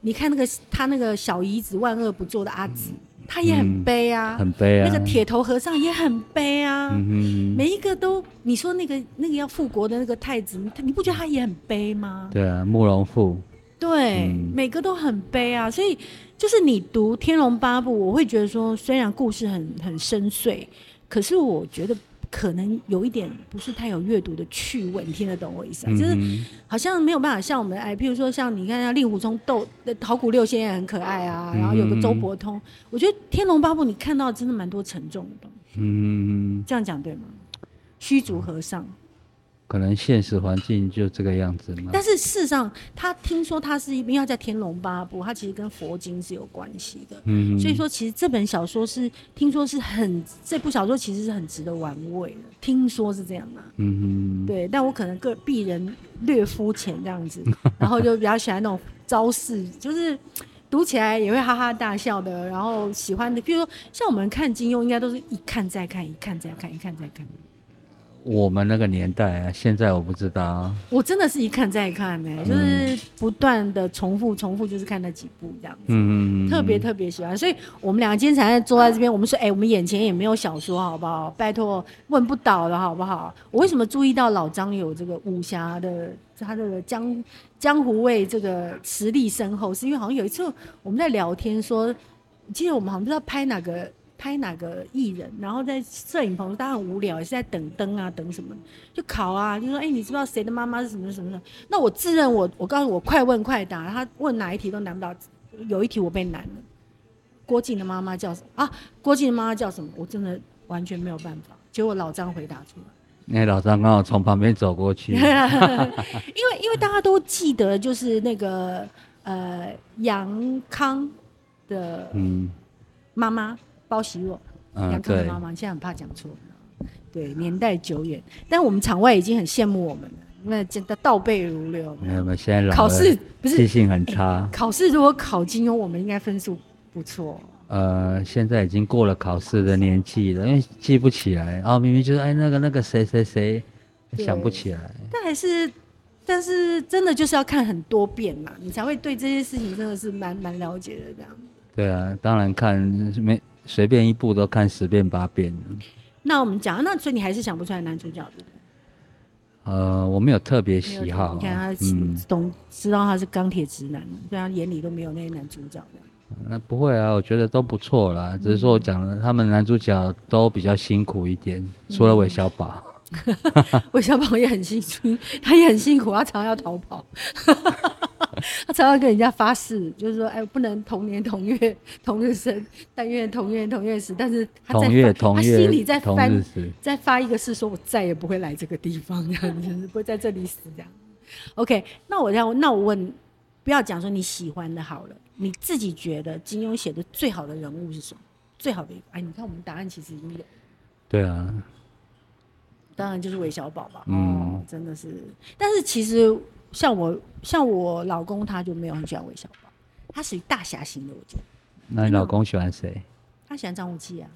你看那個他那個小姨子萬惡不做的阿紫。嗯他也很悲啊，嗯、很悲啊。那個鐵頭和尚也很悲啊，嗯、哼哼每一個都，你說那個那個要復國的那個太子，他你不覺得他也很悲嗎？對啊，慕容復，對，嗯、每個都很悲啊。所以就是你讀《天龍八部》，我會覺得說，雖然故事很很深邃，可是我覺得。可能有一點不是太有閱讀的趣味，你聽得懂我意思啊？嗯、哼就是好像沒有辦法像我們哎，譬如說像你看像《令狐沖》鬥桃谷六仙也很可愛啊，嗯、哼然後有個周伯通，我覺得《天龍八部》你看到的真的蠻多沉重的，嗯哼，這樣講對嗎？虛竹和尚。可能現實環境就這個樣子嘛。但是事實上，他聽說他是一定要在《天龍八部》，他其實跟佛經是有關係的。嗯哼，所以說其實這本小說是聽說是很這部小說其實是很值得玩味的。聽說是這樣的、啊。嗯嗯哼。對，但我可能個鄙人略膚淺這樣子，然後就比較喜歡那種招式， 就是讀起來也會哈哈大笑的，然後喜歡的，譬如說像我們看金庸，應該都是一看再看，一看再看，一看再看。我們那個年代啊，現在我不知道、啊。我真的是一看再一看呢、欸，嗯、就是不斷的重複，重複就是看那幾部這樣子。嗯嗯嗯。特別特別喜歡，所以我們兩個經常在坐在這邊。啊、我們說，哎、欸，我們眼前也沒有小說，好不好？拜托，問不倒了，好不好？我為什麼注意到老張有這個武俠的，他這個江江湖味，這個實力深厚？是因為好像有一次我們在聊天，說，其實我們好像不知道拍哪個。拍哪個？藝人然後在攝影棚，大家很無聊，也是在等燈啊，等什麼，就考啊，就說：“哎、欸，你知不知道誰的媽媽是什麼什麼什麼？”那我自認我，我告訴我，我快問快答，他問哪一題都難不到，有一題我被難了，郭靖的媽媽叫什麼啊，郭靖的媽媽叫什麼？我真的完全沒有辦法。結果老張回答出來，那老張剛好從旁邊走過去， 因為因為大家都記得就是那個呃楊康的媽媽。嗯包惜弱，楊康的媽媽，現在很怕講錯，嗯、對，對，年代久遠，但我們場外已經很羨慕我們了，那真的倒背如流。沒有，我們現在老了，記性很差，欸。考試如果考金庸，我們應該分數不錯。呃，現在已經過了考試的年紀了，了因為記不起來。哦、啊，明明就是哎，那個那個誰誰誰對想不起來。但還是，但是真的就是要看很多遍嘛，你才會對這些事情真的是蠻蠻了解的這樣。對啊，當然看沒。隨便一部都看十遍八遍。那我們講，那所以你還是想不出來男主角的。呃，我沒有特別喜好。啊，你看他懂，懂、嗯、知道他是鋼鐵直男，對他眼裡都沒有那些男主角。那、呃、不會啊，我覺得都不錯啦，只是說我講了，他們男主角都比較辛苦一點，嗯、除了韋小寶。韋小寶也很辛苦，他也很辛苦，他常常要逃跑。 他常常跟人家發誓，就是說，哎，不能同年同月同日生，但願同月同日死。但是他在他心裡在翻，再發一個誓，說我再也不會來這個地方，這樣子，不會在這裡死，這樣。OK，那我要，那我問，不要講說你喜歡的，好了，你自己覺得金庸寫的最好的人物是什麼？最好的一個，哎，你看我們答案其實已經有。對啊。當然就是韋小寶吧。嗯，嗯，真的是。但是其實。像我像我老公他就沒有很喜歡韋小寶，他屬於大俠型的。我覺得，那你老公喜歡誰？他喜歡張無忌啊。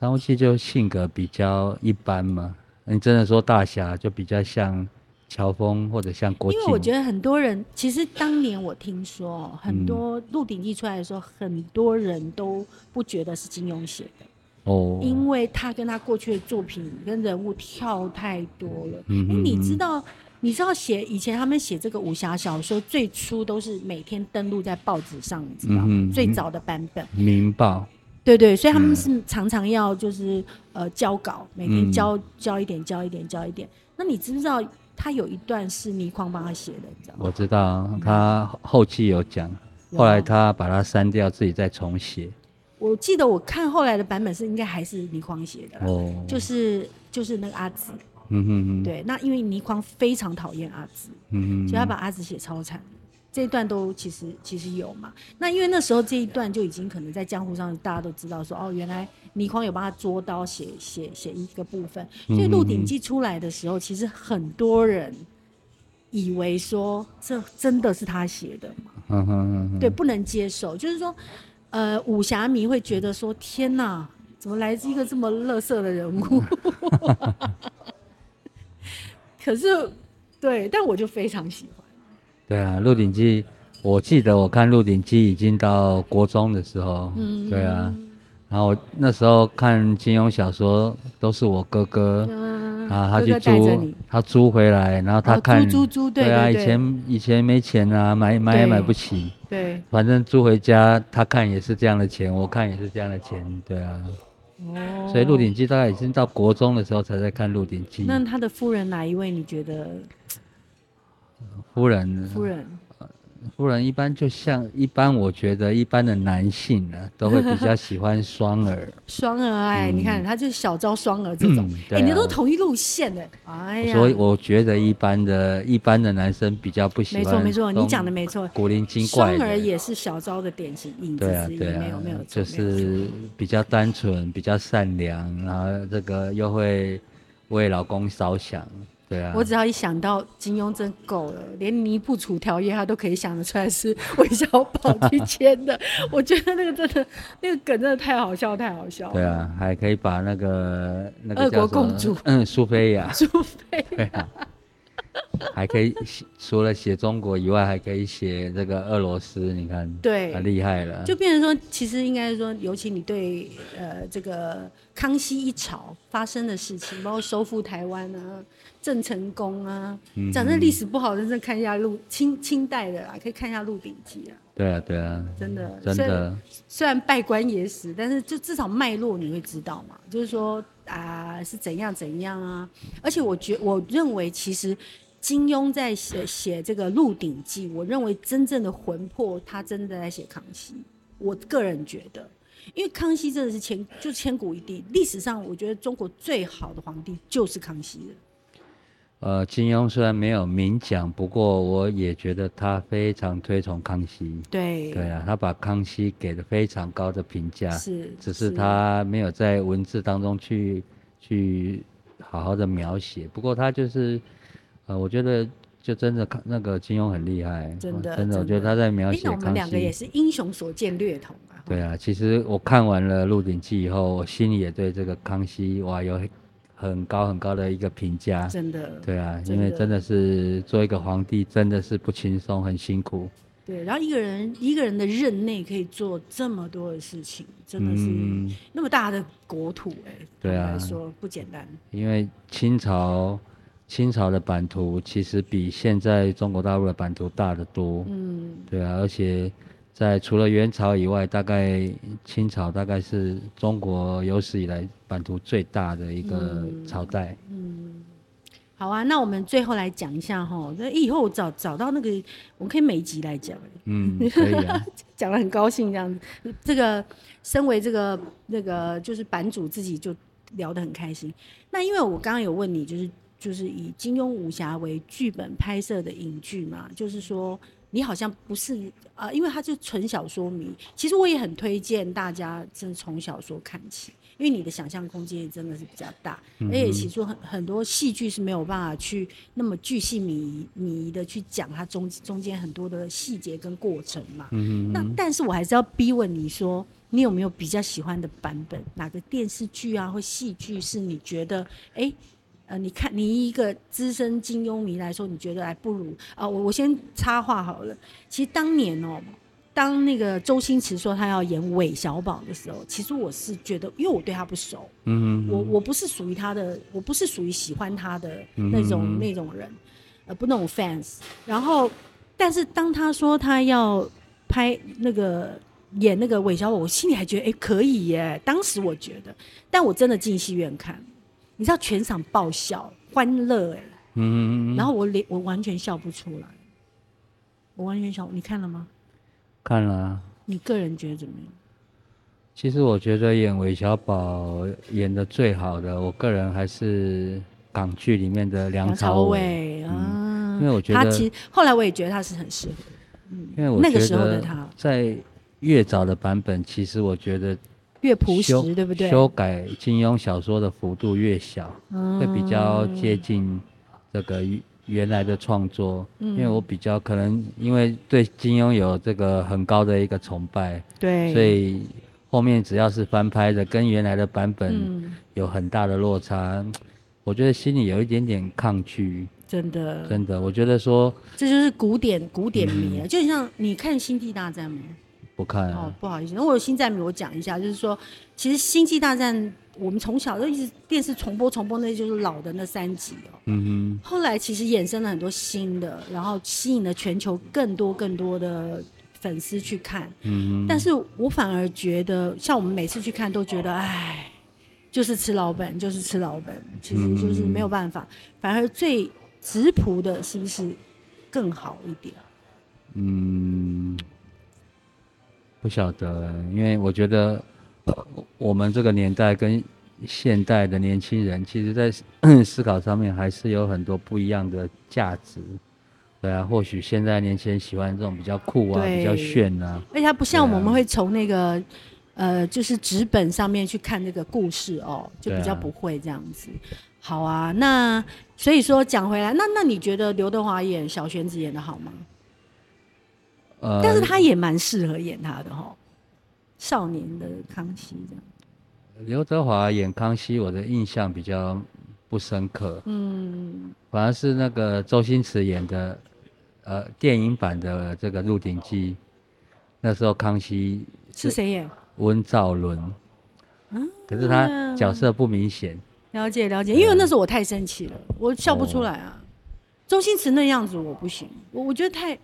張無忌就性格比較一般嘛。你真的說大俠就比較像喬峰或者像郭靖。因為我覺得很多人其實當年我聽說，很多《鹿鼎記》出來的時候，嗯、很多人都不覺得是金庸寫的哦，因為他跟他過去的作品跟人物跳太多了。嗯哼，欸、你知道？你知道寫以前他們寫這個武俠小說，最初都是每天登錄在報紙上，你知道、嗯、最早的版本《明報》，對，對對，所以他們是常常要就是、嗯、呃交稿，每天交交一點，交一點，交一點。那你知不知道他有一段是倪匡幫他寫的？你知道嗎？我知道，他後期有講，嗯、後來他把它刪掉，自己再重寫、啊。我記得我看後來的版本是應該還是倪匡寫的，哦，就是就是那個阿紫。嗯嗯嗯，對，那因為倪匡非常討厭阿紫，嗯嗯，所以他把阿紫寫超慘，這一段都其實其實有嘛。那因為那時候這一段就已經可能在江湖上大家都知道說，哦，原來倪匡有幫他捉刀寫寫寫一個部分，所以《鹿鼎記》出來的時候，其實很多人以為說這真的是他寫的嘛，嗯哼嗯嗯，對，不能接受，就是說，呃，武俠迷會覺得說，天哪，怎麼來自一個這麼垃圾的人物？ 可是，對，但我就非常喜歡。對啊，《鹿鼎記》，我記得我看《鹿鼎記》已經到國中的時候。嗯，嗯。對啊，然後我那時候看金庸小說都是我哥哥啊，啊，他去租，哥哥他租回來，然後他看。啊、租租租對，對，對。對啊，以前以前沒錢啊，買買也買不起。對。對反正租回家，他看也是這樣的錢，我看也是這樣的錢，對啊。所以《鹿鼎記》大概已經到國中的時候才在看《鹿鼎記》，那他的夫人哪一位？你覺得？夫人呢，夫人。夫人一般就像一般，我覺得一般的男性呢，都會比較喜歡雙兒。雙兒哎，你看他就是小昭雙兒這種，哎，你都同一路線的，哎，所以我覺得一般的、一般的男生比較不喜歡。沒錯沒錯，你講的沒錯。古靈精怪。雙兒也是小昭的典型，對啊對啊。沒有沒有，就是比較單純、比較善良，然後這個又會為老公着想。對啊，我只要一想到金庸真夠了，連尼布楚條約他都可以想得出來是韋小寶去簽的， 我覺得那個真的那個梗真的太好笑，太好笑了。對啊，還可以把那個那個俄國公主，嗯，蘇菲亞，蘇菲亞。 還可以除了寫中國以外，還可以寫這個俄羅斯，你看，對，啊，很厲害了。就變成說，其實應該說，尤其你對呃這個康熙一朝發生的事情，包括收復台灣啊、鄭成功啊，講這歷史不好，認真看一下鹿、清清代的啦，可以看一下《鹿鼎記》啊。對啊，對啊，對啊，真的，真的。雖然稗官野史，但是就至少脈絡你會知道嘛，就是說啊、呃、是怎樣怎樣啊。而且我覺得，我認為其實金庸在寫寫這個《鹿鼎記》，我認為真正的魂魄他真的在寫康熙。我個人覺得，因為康熙真的是千就千古一帝，歷史上我覺得中國最好的皇帝就是康熙了。呃，金庸雖然沒有明講，不過我也覺得他非常推崇康熙。對，對啊，他把康熙給了非常高的評價。是，只是他沒有在文字當中去是去好好的描寫。不過他就是，呃，我覺得就真的看那個金庸很厲害。真的，真的，我覺得他在描寫康熙。因為我們兩個也是英雄所見略同啊。對啊，其實我看完了《鹿鼎記》以後，我心裡也對這個康熙哇有。很高很高的一個評價，真的，對啊，的因為真的是做一個皇帝，真的是不輕鬆，很辛苦。對，然後一個人一個人的任內可以做這麼多的事情，真的是那麼大的國土，欸，哎、嗯，對啊，說不簡單。因為清朝清朝的版圖其實比現在中國大陸的版圖大得多，嗯，對啊，而且。在除了元朝以外，大概清朝大概是中國有史以來版圖最大的一個朝代。嗯，嗯，好啊，那我們最後來講一下哈，哦。那以後我找找到那個，我可以每一集來講。嗯，可以啊， 講得很高興這樣子，這個身為這個那個就是版主自己就聊得很開心。那因為我剛剛有問你，就是就是以金庸武俠為劇本拍攝的影劇嘛，就是說。你好像不是啊、呃，因為他就純小說迷。其實我也很推薦大家，就從小說看起，因為你的想象空間也真的是比較大。嗯、哼而且起初很很多戲劇是沒有辦法去那麼巨細靡遺的去講它中中間很多的細節跟過程嘛。嗯、哼那但是我還是要逼問你說，你有沒有比較喜歡的版本？哪個電視劇啊，或戲劇是你覺得哎？欸呃，你看，你一個資深金庸迷來說，你覺得還不如啊，呃，我我先插話好了。其實當年哦，當那個周星馳說他要演韋小寶的時候，其實我是覺得，因為我對他不熟，嗯，嗯嗯，我我不是屬於他的，我不是屬於喜歡他的那種嗯嗯嗯那種人，呃，不那種 fans。然後，但是當他說他要拍那個演那個韋小寶，我心裡還覺得哎，可以耶，當時我覺得，但我真的進戲院看。你知道，全場爆笑、歡樂哎，嗯，嗯，嗯、然後我臉，我完全笑不出來，我完全笑。你看了嗎？看了、啊。你個人覺得怎麼樣？其實我覺得演韋小寶演得最好的，我個人還是港劇裡面的梁朝偉、嗯、啊。因為我覺得他其實後來我也覺得他是很適合。嗯，因為我覺得那個時候的他在越早的版本，嗯、其實我覺得。越樸實，對不對？修改金庸小說的幅度越小，嗯、會比較接近這個原來的創作。嗯、因為我比較可能，因為對金庸有這個很高的一個崇拜，對，所以後面只要是翻拍的，跟原來的版本有很大的落差，嗯、我覺得心裡有一點點抗拒。真的，真的，我覺得說這就是古典古典迷啊，嗯、就像你看《星際大戰》嗎？不看哦，啊啊，不好意思，那我有新在沒有講一下，就是說，其實《星際大戰》我們從小就一直電視重播重播，那就是老的那三集哦。嗯哼後來其實衍生了很多新的，然後吸引了全球更多更多的粉絲去看。嗯、哼但是我反而覺得，像我們每次去看都覺得，哎，就是吃老本，就是吃老本。其實就是沒有辦法，嗯、反而最質樸的是不是更好一點？嗯。不曉得，因為我覺得我們這個年代跟現代的年輕人，其實在思考上面還是有很多不一樣的價值。對啊，或許現在年輕人喜歡這種比較酷啊、對比較炫啊。而且他不像我們會從那個、啊、呃，就是紙本上面去看那個故事哦，就比較不會這樣子。啊好啊，那所以說講回來，那那你覺得劉德華演小玄子演的好嗎？呃，但是他也蠻適合演他的吼，少年的康熙這樣。劉德華演康熙，我的印象比較不深刻。嗯，反而是那個周星馳演的，呃，電影版的這個《鹿鼎記》，那時候康熙是誰演？溫兆倫。嗯。可是他角色不明顯，嗯。了解了解，因為那時候我太生氣了，我笑不出來啊。哦，周星馳那樣子我不行，我我覺得太。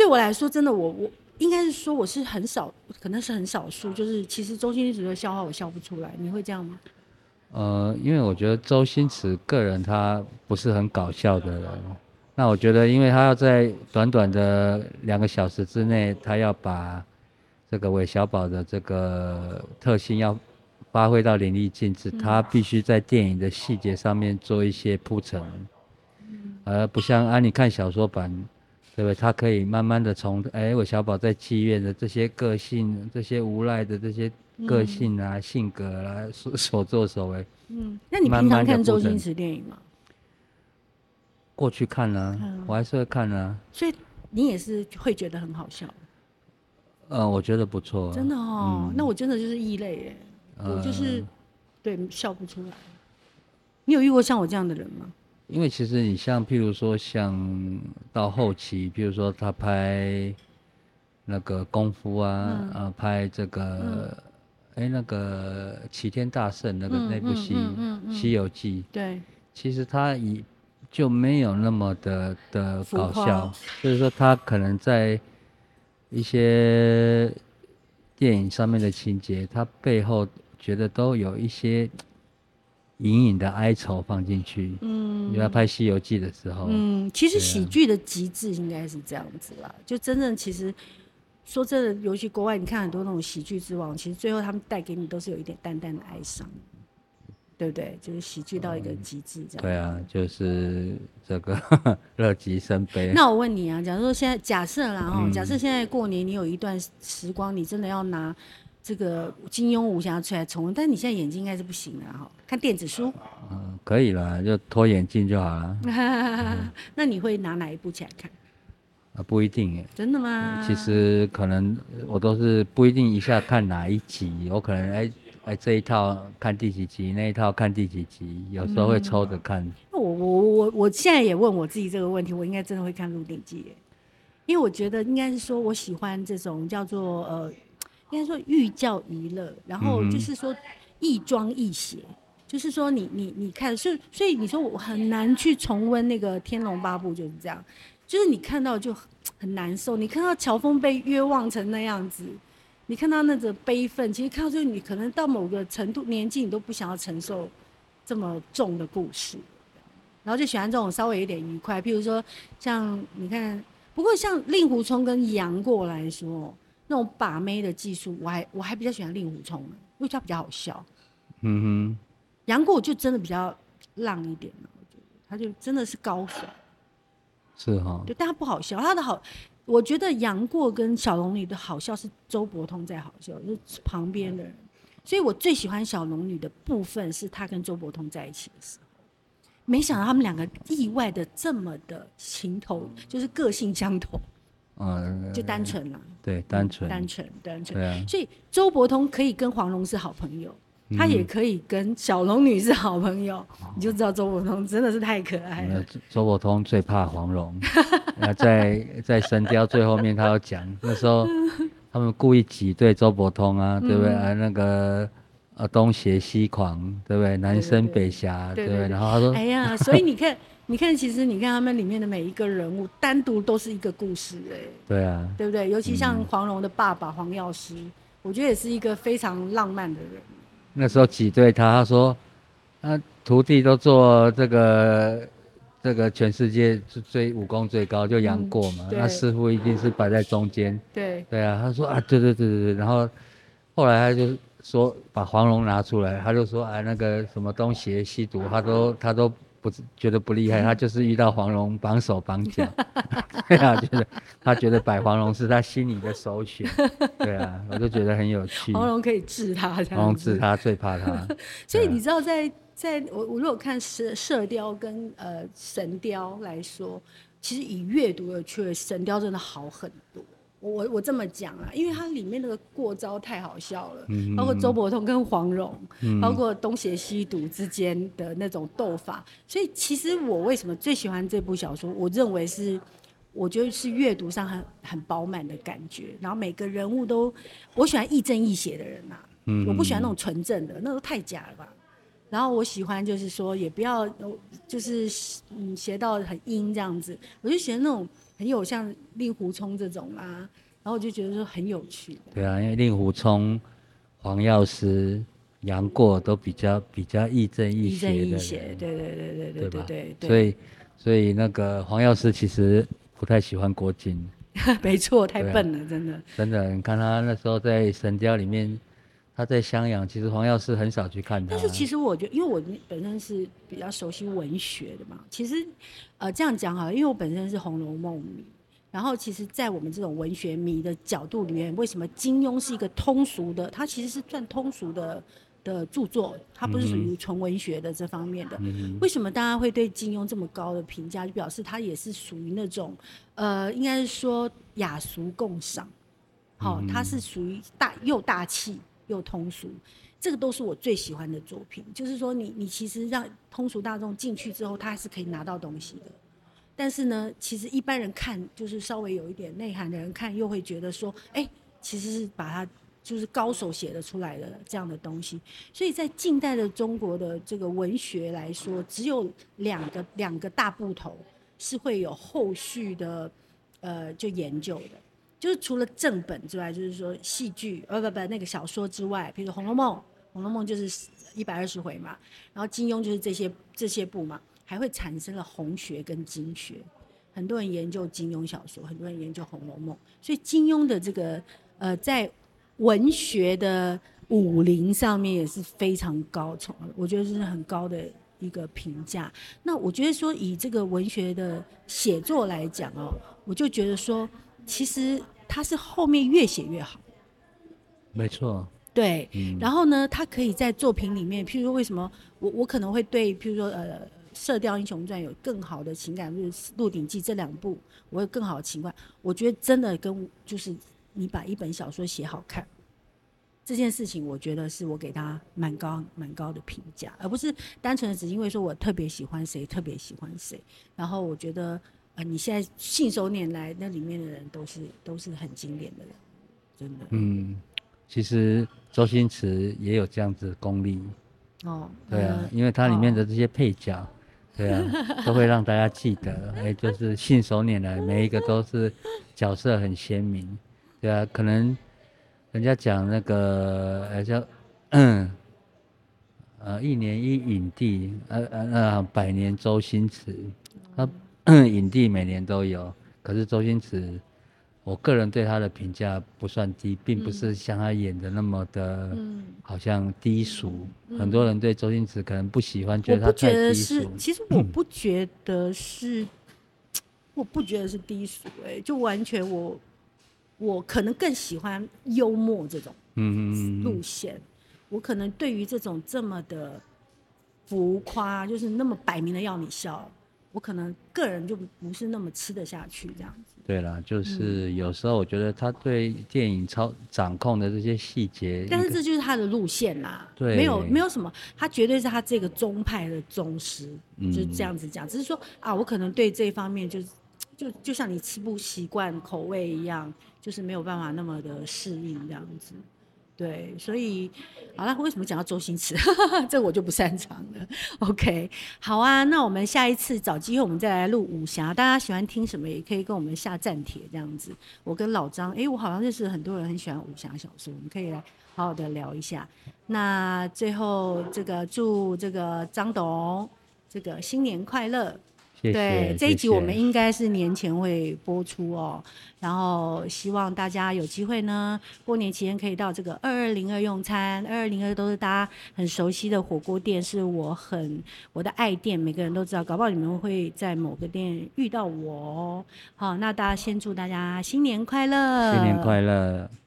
對我來說，真的我，我我應該是說，我是很少，可能是很少數，就是其實周星馳的笑話我笑不出來。你會這樣嗎？呃，因為我覺得周星馳個人他不是很搞笑的人。那我覺得，因為他要在短短的兩個小時之內，他要把這個韋小寶的這個特性要發揮到淋漓盡致，他必須在電影的細節上面做一些鋪陳，而、嗯呃、不像按、啊、你看小說版，對，他可以慢慢的從，哎、欸，我小寶在妓院的這些個性，這些無賴的這些個性啊，嗯、性格啊，所所作所為。嗯，那你平常看周星馳電影嗎？慢慢過去看啊，嗯、我還是會看啊。所以你也是會覺得很好笑？嗯，我覺得不錯、啊。真的哦、喔，嗯、那我真的就是異類耶、欸，嗯、我就是對笑不出來。你有遇過像我這樣的人嗎？因為其實你像，譬如說，像到後期，譬如說他拍那個功夫啊，嗯、啊，拍這個哎、嗯欸、那個齊天大聖那個那部戲嗯嗯嗯嗯嗯、《西遊記》，對，其實他也就沒有那麼的的搞笑，就是浮誇，說他可能在一些電影上面的情節，他背後覺得都有一些。隱隱的哀愁放進去。嗯，你要拍《西遊記》的時候，嗯，其實喜劇的極致應該是這樣子啦。啊、就真正其實說真的，尤其國外，你看很多那種喜劇之王，其實最後他們帶給你都是有一點淡淡的哀傷，對不對？就是喜劇到一個極致這樣、嗯。對啊，就是這個樂極、嗯、生悲。那我問你啊，假如說現在假設啦，哦，假設現在過年你有一段時光，嗯、你真的要拿。這個金庸武俠出來重溫，但是你現在眼睛應該是不行了、啊、哈，看電子書，呃、可以了，就脫眼鏡就好了。 嗯、那你會拿哪一部起來看？呃、不一定哎。真的嗎、呃？其實可能我都是不一定一下看哪一集，我可能哎哎這一套看第幾集，那一套看第幾集，有時候會抽着看。嗯、我我我我現在也問我自己這個問題，我應該真的會看《鹿鼎記》。因為我覺得應該是說我喜歡這種叫做呃。應該說寓教於樂，然後就是說亦莊亦諧，嗯嗯就是說你你你看，所以所以你說我很難去重溫那個《天龍八部》，就是這樣，就是你看到就很難受，你看到喬峰被冤枉成那樣子，你看到那個悲憤，其實看到之後你可能到某個程度年紀，你都不想要承受這麼重的故事，然後就喜歡這種稍微有點愉快，譬如說像你看，不過像令狐沖跟楊過來說，那種把妹的技術，我還我還比較喜歡令狐沖呢，因為他比較好笑。嗯哼，楊過就真的比較浪一點，我覺得他就真的是高手。是哈、哦。對，但他不好笑，他的好，我覺得楊過跟小龍女的好笑是周伯通在好笑，就是旁邊的人。嗯、所以我最喜歡小龍女的部分是他跟周伯通在一起的時候。沒想到他們兩個意外的這麼的情投，就是個性相投。嗯，就單純了，對，單純，單純，單純。所以周伯通可以跟黃蓉是好朋友，他也可以跟小龍女是好朋友。你就知道周伯通真的是太可愛了。周伯通最怕黃蓉。那在在《神雕》最後面，他要講那時候他們故意擠兌周伯通啊，對不對？啊，那個東邪西狂，對不對？南僧北俠，對不對？然後他說，哎呀，所以你看。你看，其實你看他們裡面的每一個人物，單獨都是一個故事。欸，哎，對啊，對不對？尤其像黃蓉的爸爸黃藥師，嗯、我覺得也是一個非常浪漫的人。那時候擠兌他，他說，呃、啊，徒弟都做這個，這個全世界最最武功最高就楊過嘛，那、嗯、師傅一定是擺在中間。對，對啊，他說啊，對對對對對，然後後來他就說把黃蓉拿出來，他就說啊，那個什麼東邪西毒，他都他都。不覺得不厲害，他就是遇到黃蓉綁手綁腳， 對啊，就是他覺得擺黃蓉是他心裡的首選， 對啊，我就覺得很有趣。黃蓉可以治他，黃蓉治他最怕他。 所以你知道在 在，在在我我如果看《射射鵰》跟呃《神鵰》來說，其實以閱讀的確《神鵰》真的好很多。我我這麼講啊，因為它裡面那個過招太好笑了，嗯，包括周伯通跟黃蓉，嗯，包括東邪西毒之間的那種鬥法，所以其實我為什麼最喜歡這部小說，我認為是我覺得是閱讀上很很飽滿的感覺，然後每個人物都我喜歡亦正亦邪的人吶、啊，嗯，我不喜歡那種純正的，那都太假了吧，然後我喜歡就是說也不要，就是嗯邪到很陰這樣子，我就喜歡那種。很有像令狐沖這種啊，然後我就覺得說很有趣。對啊，因為令狐沖、黃藥師、楊過都比較比較亦正亦邪。亦正亦邪，對對對對對對對。所以，所以那個黃藥師其實不太喜歡郭靖。沒錯，太笨了，真的。對啊，真的，你看他那時候在《神雕》裡面。他在襄陽，其實黃藥師很少去看他，啊。但是其實我覺得，因為我本身是比較熟悉文學的嘛。其實，呃，這樣講哈，因為我本身是《紅樓夢》迷。然後，其實，在我們這種文學迷的角度裡面，為什麼金庸是一個通俗的？他其實是算通俗的的著作，他不是屬於純文學的這方面的。嗯，為什麼大家會對金庸這麼高的評價？就表示他也是屬於那種，呃，應該是說雅俗共賞。好，哦，他，嗯，是屬於大又大氣。又通俗，這個都是我最喜歡的作品。就是說你，你你其實讓通俗大眾進去之後，他還是可以拿到東西的。但是呢，其實一般人看，就是稍微有一點內涵的人看，又會覺得說，哎，其實是把它就是高手寫的出來的這樣的東西。所以在近代的中國的這個文學來說，只有兩個兩個大部頭，是會有後續的，呃，就研究的。就是除了正本之外，就是說戲劇，呃不不，那個小說之外，比如說《紅樓夢》，《紅樓夢》就是一百二十回嘛，然後金庸就是這些這些部嘛，還會產生了紅學跟金學，很多人研究金庸小說，很多人研究《紅樓夢》，所以金庸的這個呃在文學的武林上面也是非常高崇，我覺得是很高的一個評價。那我覺得說以這個文學的寫作來講哦，我就覺得說。其實他是後面越寫越好，沒錯。對，嗯、然後呢，他可以在作品裡面，譬如說，為什麼我我可能會對，譬如說，呃，《射鵰英雄傳》有更好的情感，或者《鹿鼎記》這兩部，我有更好的情況。我覺得真的跟就是你把一本小說寫好看這件事情，我覺得是我給他蠻高蠻高的評價，而不是單純的只因為說我特別喜歡誰，特別喜歡誰，然後我覺得。你現在信手拈來，那裡面的人都是都是很經典的人，真的。嗯，其實周星馳也有這樣子功力。哦，對啊，嗯、因為它裡面的這些配角，哦、對啊，都會讓大家記得。還有、 欸、就是信手拈來，每一個都是角色很鮮明。對啊，可能人家講那個叫呃、啊，一年一影帝，呃呃呃，百年周星馳，他、啊。嗯 影帝每年都有，可是周星馳，我個人對他的評價不算低，並不是像他演的那麼的，好像低俗。嗯嗯嗯、很多人對周星馳可能不喜歡，覺得他太低俗。我不覺得是。其實我不覺得是， 我不覺得是低俗、欸，哎，就完全我，我可能更喜歡幽默這種路線。嗯嗯、我可能對於這種這麼的浮誇，就是那麼擺明的要你笑。我可能個人就不是那麼吃得下去這樣子。對啦，就是有時候我覺得他對電影超掌控的這些細節，但是這就是他的路線啦。對沒有沒有什麼，他絕對是他這個宗派的宗師，就是這樣子講。嗯、只是說啊，我可能對這方面就是就就像你吃不習慣口味一樣，就是沒有辦法那麼的適應這樣子。對，所以好了，為什麼講到周星馳？ 這我就不擅長了。OK，好啊，那我們下一次找機會，我們再來錄武俠。大家喜歡聽什麼，也可以跟我們下戰帖這樣子。我跟老張，哎、欸，我好像認識很多人很喜歡武俠小說，我們可以來好好的聊一下。那最後這個祝這個張董這個新年快樂。謝謝對，這一集我們應該是年前會播出哦、喔，謝謝然後希望大家有機會呢，過年期間可以到這個二二零二用餐，二二零二都是大家很熟悉的火鍋店，是我很我的愛店，每個人都知道，搞不好你們會在某個店遇到我、喔。哦。好，那大家先祝大家新年快樂，新年快樂。